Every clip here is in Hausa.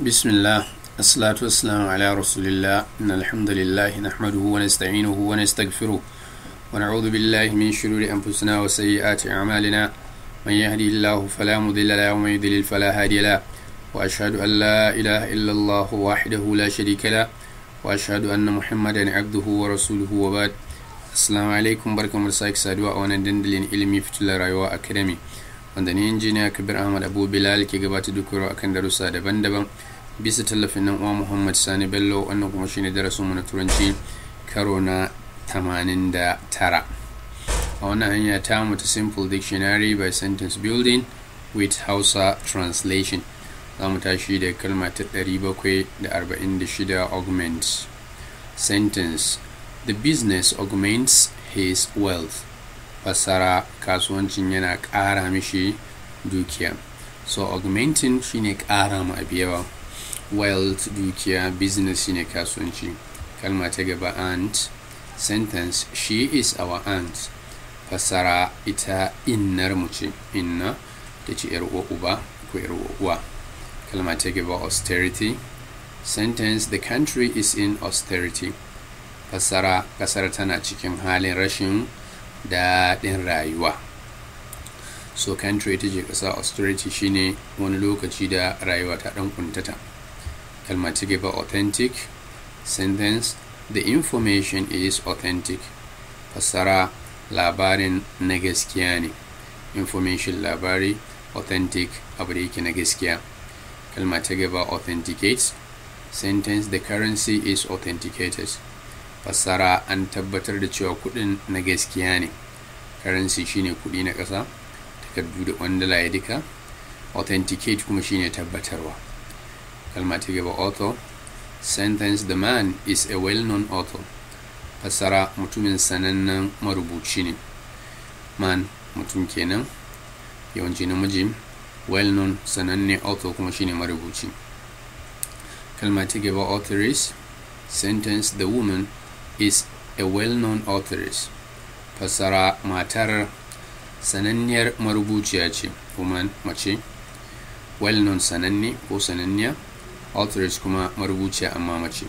بسم الله الصلاة والسلام على رسول الله إن الحمد لله نحمده ونستعينه ونستغفره ونعوذ بالله من شرور أنفسنا وسيئات أعمالنا من يهدي الله فلا مضل له ومن يضلل فلا هادي له وأشهد أن لا إله إلا الله وحده لا شريك له وأشهد أن محمدا عبده ورسوله وبعد السلام عليكم بركة مرساك سادوا وأنا دندلين علمي فتلا رأيوا أكاديمي wanda ni injiniya kabir ahmad abu bilal ke gabata da akan darussa daban-daban bisa tallafin nan uwa muhammad sani bello wannan kuma shine darasin mu na turanci karo na 89 a wannan hanya ta mu ta simple dictionary by sentence building with hausa translation za mu tashi da kalma ta 746 augment sentence the business augments his wealth fassara kasuwancin yana ƙara mishi dukiya so augmenting shine ƙara ma abu yawa wealth dukiya business shine kasuwanci kalma ta gaba aunt sentence she is our aunt fassara ita innar mu ce inna ta ce yar uba ko yar uwa kalma ta gaba austerity sentence the country is in austerity fassara kasar tana cikin halin rashin daɗin rayuwa so country ta je ƙasa austerity shine wani lokaci da rayuwa ta ɗan kuntata kalma ta ba authentic sentence the information is authentic fassara labarin na gaskiya ne information labari authentic abu da yake na gaskiya kalma ta ba authenticates sentence the currency is authenticated fassara an tabbatar da cewa kuɗin na gaskiya ne currency shine kuɗi na ƙasa takardu da kwandala ya duka authenticate kuma shine tabbatarwa kalma ta gaba author sentence the man is a well-known author fassara mutumin sanannen marubuci ne man mutum kenan yawanci namiji well-known sananne author kuma shine marubuci kalma ta gaba author is sentence the woman is a well-known authoress fassara matar sananniyar marubuciya ce woman mace well-known sananni ko sananniya authoress kuma marubuciya amma mace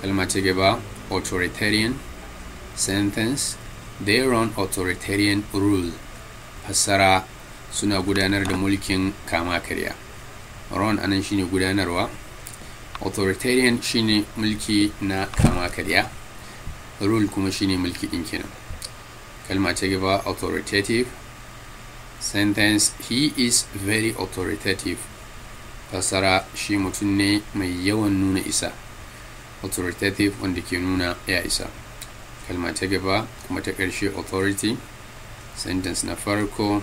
kalma ta gaba authoritarian sentence they run authoritarian rule fasara suna gudanar da mulkin kama karya run anan shine gudanarwa authoritarian shine mulki na kama karya rule kuma shine mulki din kenan kalma ta gaba authoritative sentence he is very authoritative fasara shi mutum ne mai yawan nuna isa authoritative wanda ke nuna ya isa kalma ta gaba kuma ta ƙarshe authority sentence na farko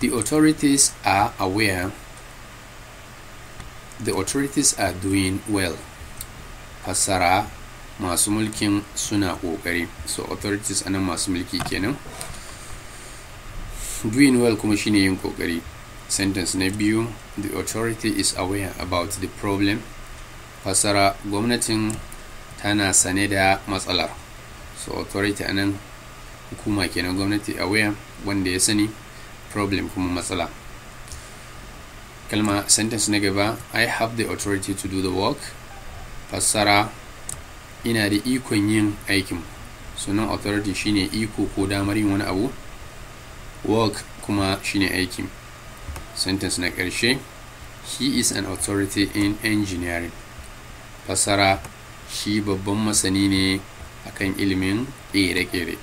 the authorities are aware the authorities are doing well fasara masu mulkin suna kokari so authorities anan masu mulki kenan doing well kuma shine yin kokari sentence na biyu the authority is aware about the problem fasara gwamnatin tana sane da matsalar so authority anan hukuma kenan gwamnati aware wanda ya sani problem kuma matsala kalma sentence na gaba i have the authority to do the work fassara ina da ikon yin aikin sunan authority shine iko ko damar yin wani abu work kuma shine aikin sentence na ƙarshe he is an authority in engineering fasara shi babban masani ne akan ilimin ƙere-ƙere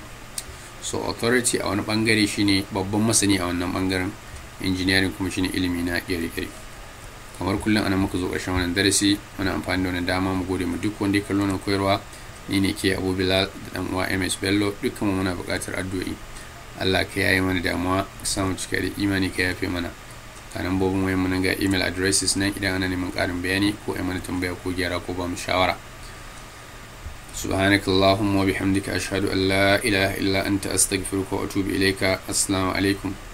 so authority a wani bangare shine babban masani a wannan bangaren engineering kuma shine ilimi na ƙere-ƙere kamar kullum anan muka zo ƙarshen wannan darasi muna amfani da wannan dama mu gode mu duk wanda ya kallo na koyarwa ni ne ke abu da dan uwa ms bello dukkan mu muna buƙatar addu'o'i allah ka yaye mana damuwa ka samu cika da imani ka yafe mana a nan bobin wayan mun ga email addresses nan idan ana neman ƙarin bayani ko ai mana tambaya ko gyara ko ba mu shawara سبحانك اللهم وبحمدك أشهد أن لا إله إلا أنت أستغفرك وأتوب إليك السلام عليكم